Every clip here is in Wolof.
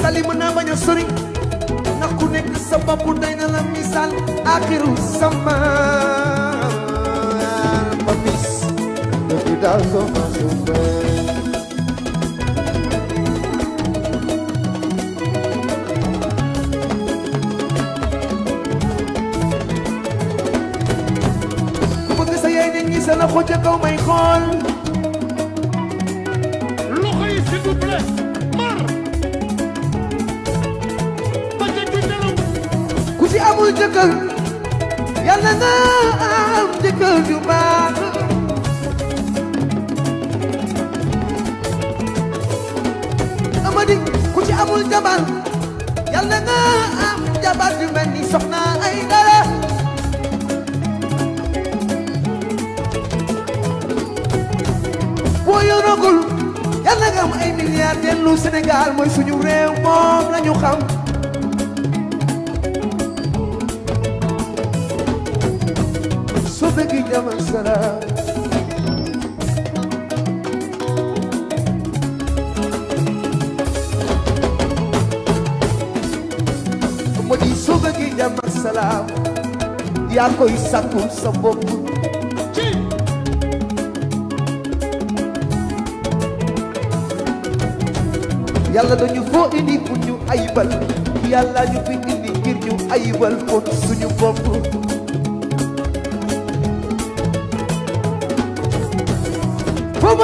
misaal yi mën naa bañ a sori ndax ku nekk sa bopp day na la misaal akiru sama pamis di daal sama sumbee la xoj a kaw may xool loxo yi s'il vous plaît si amul jëkkër yàlla na am jëkkër ju baax amadi ku ci amul jabar yàlla na am jabar ju mel ni soxna ay dara boo yoragul yàlla nga am ay milliards dellu Sénégal mooy suñu réew moom lañu xam يا من سلام mu di suba gi jàmm ak salaam yaa koy sàkkul sa bopp yàlla dañu foo indi pour ñu ayibal yàlla ñu fi indi ngir ñu ayibal kon suñu bopp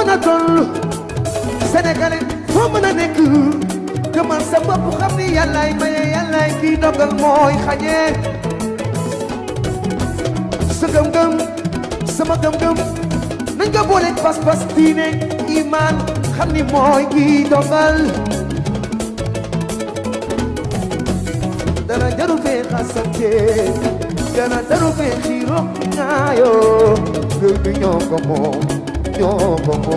mën a toll sénégalais foo mën a nekk gëmal sa bopp xam ni yàllaay maye yàllaay kii dogal mooy xañee sa gëm-gëm sama gëm-gëm nañ ko booleeg pas-pas diine iman xam ni mooy kii dogal dara jaru fee xasante dara jaru fee xiiro ñaayo gëm bi ñoo ko ñoo bokk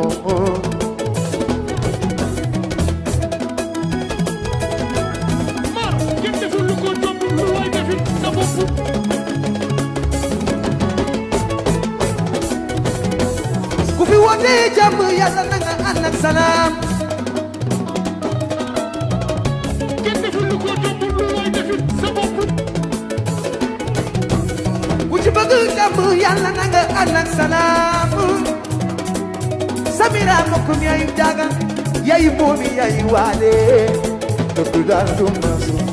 ku fi woote jàmm yàlla na nga ànd salaam kenn deful lu ko jomb lu waay defit sa bopp ku ci bëgg jàmm yàlla na nga ànd salaam samira mukkum yayu dagan yayu moomi yayu waale to du daal du masu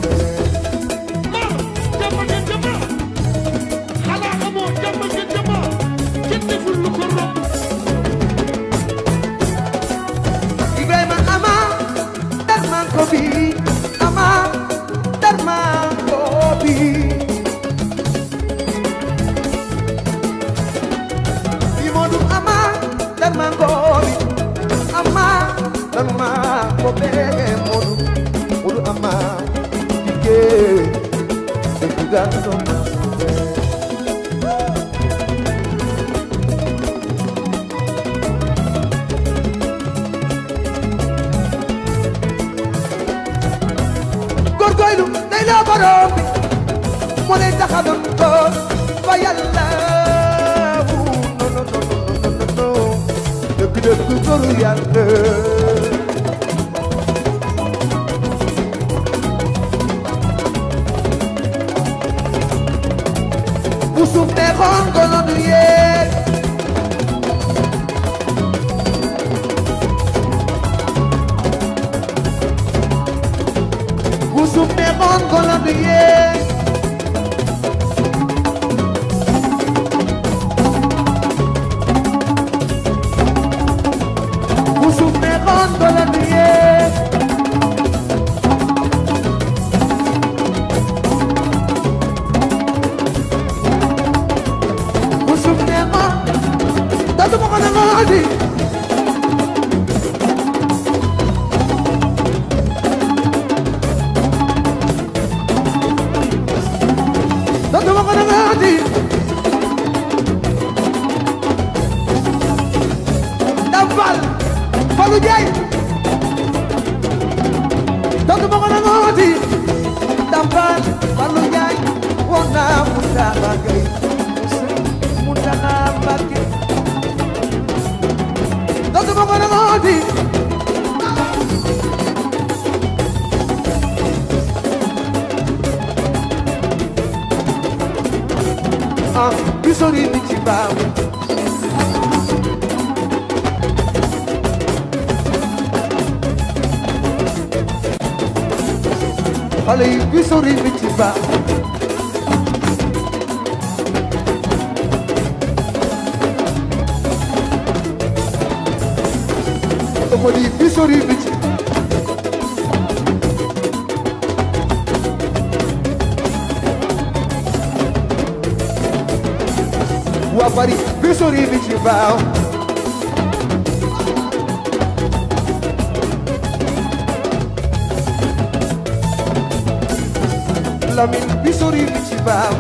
yeah, jugando más góorgóorlu day la borom bi moo lay tax a doon góor fa yàlla wu uh, non non non non non non dëgg dëgg góoru yàlla neexoon kono du yéeg ku suuf neexoon kono du yéeg Dambal Fallou Ndiaye won naa mu sori ni ci baawu xale yi bi sori ni ci baawu xale yi bi sori ni ci bari bisuri bi ci baaw lamin bisuri bi ci baaw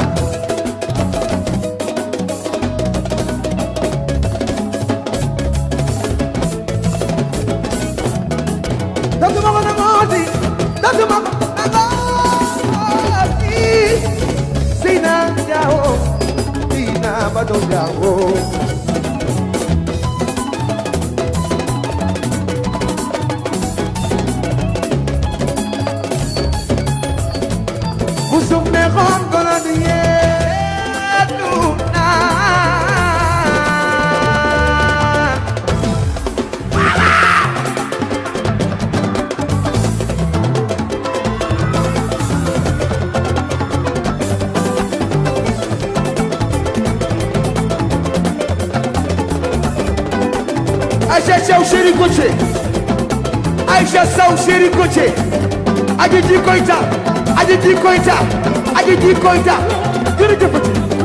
daguma ko na mooti daguma Amadou Diawo Aïcha chéri Koutié Aïcha Sow chéri Koutié Adji Koita Adji Koita Adji Koita jërëjëfati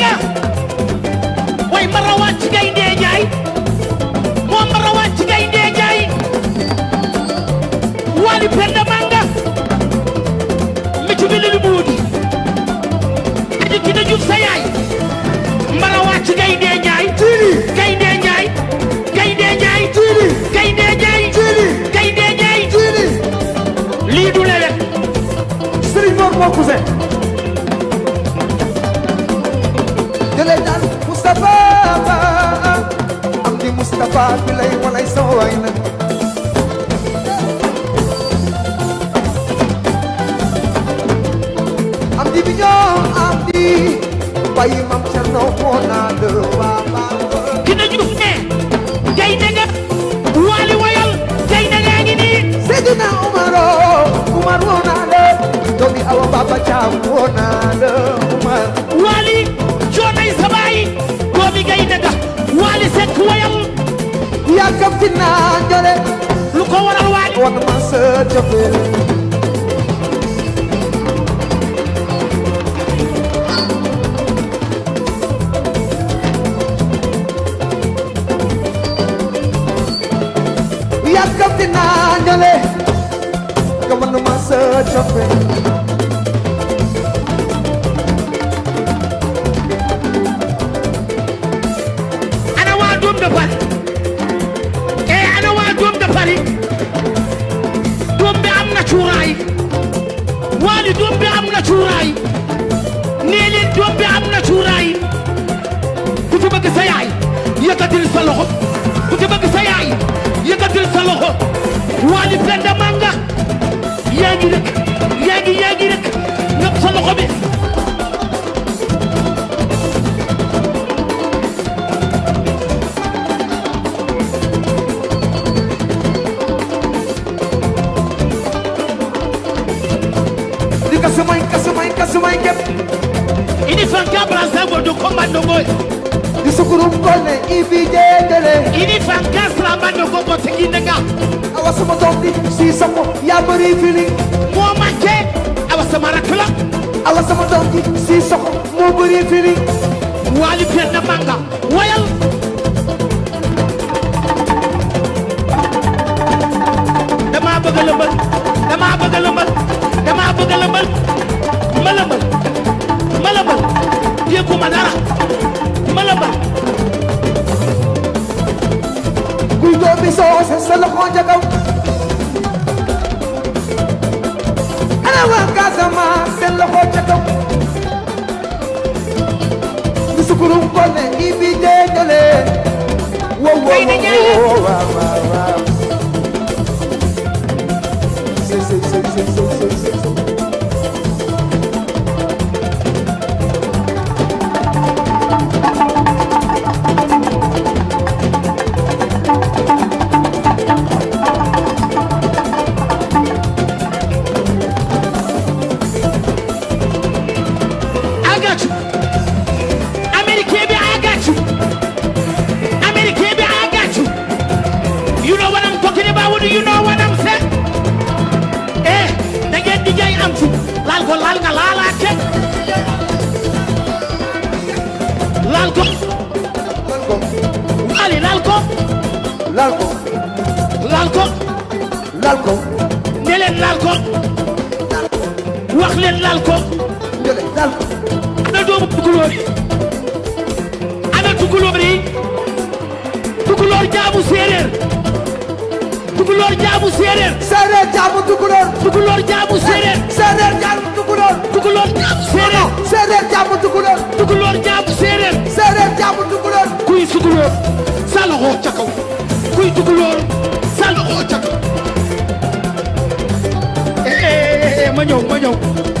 nga way ma rawaat ci gaynde njaay moom ma rawaat ci njaay wali penda manga mi ci bi lu muudi aji ki da jub sa yaay ma rawaat ci njaay tiili gaynde njaay gaynde lii du lewet Serigne Mor moo cousin dina jole lu ko waral waaj war na ma sa jëfee cuuraay nee leen doom bi am na cuuraay ku ci bëgg sa yaay yëkkatil sa loxo ku ci bëgg sa yaay yëkkatil sa loxo waali penda manga yaa ngi rek yaa ngi yaa du komando ngoy isukuru mbole ibijegele ini fankas lambando gogo tekinega awasama dondi si sako yabari feeling mo manke awasama awasama dondi si sako mo bari feeling wali perna wayal dama bëgg lëmbal dama bëgg lëmbal dama yëgu ma dara malamba kuy doomi soose sa loxo ja kaw ana waa Casamance seen loxo ja kaw ni sukuru ngone i bi jegele wow wow wow wow ci laal ko laal nga laalaate laal ko ali laal ko laal ko laal ko laal ko ne leen laal ko wax leen laal ko ana doomu tukulóor yi ana tukulóor yi tukulóor jaamu séeréer tukulóor jaamu séeréer. séeréer jaamu tukulóor. tukulóor jaamu séeréer. jaamu tukulóor. tukulóor jaamu séeréer. séeréer jaamu tukulóor. tukulóor jaamu séeréer. kuy tukulóor sa loxo ca kaw. kuy tukulóor sa loxo ca kaw. Eh, eh, eh, ma ñëw ma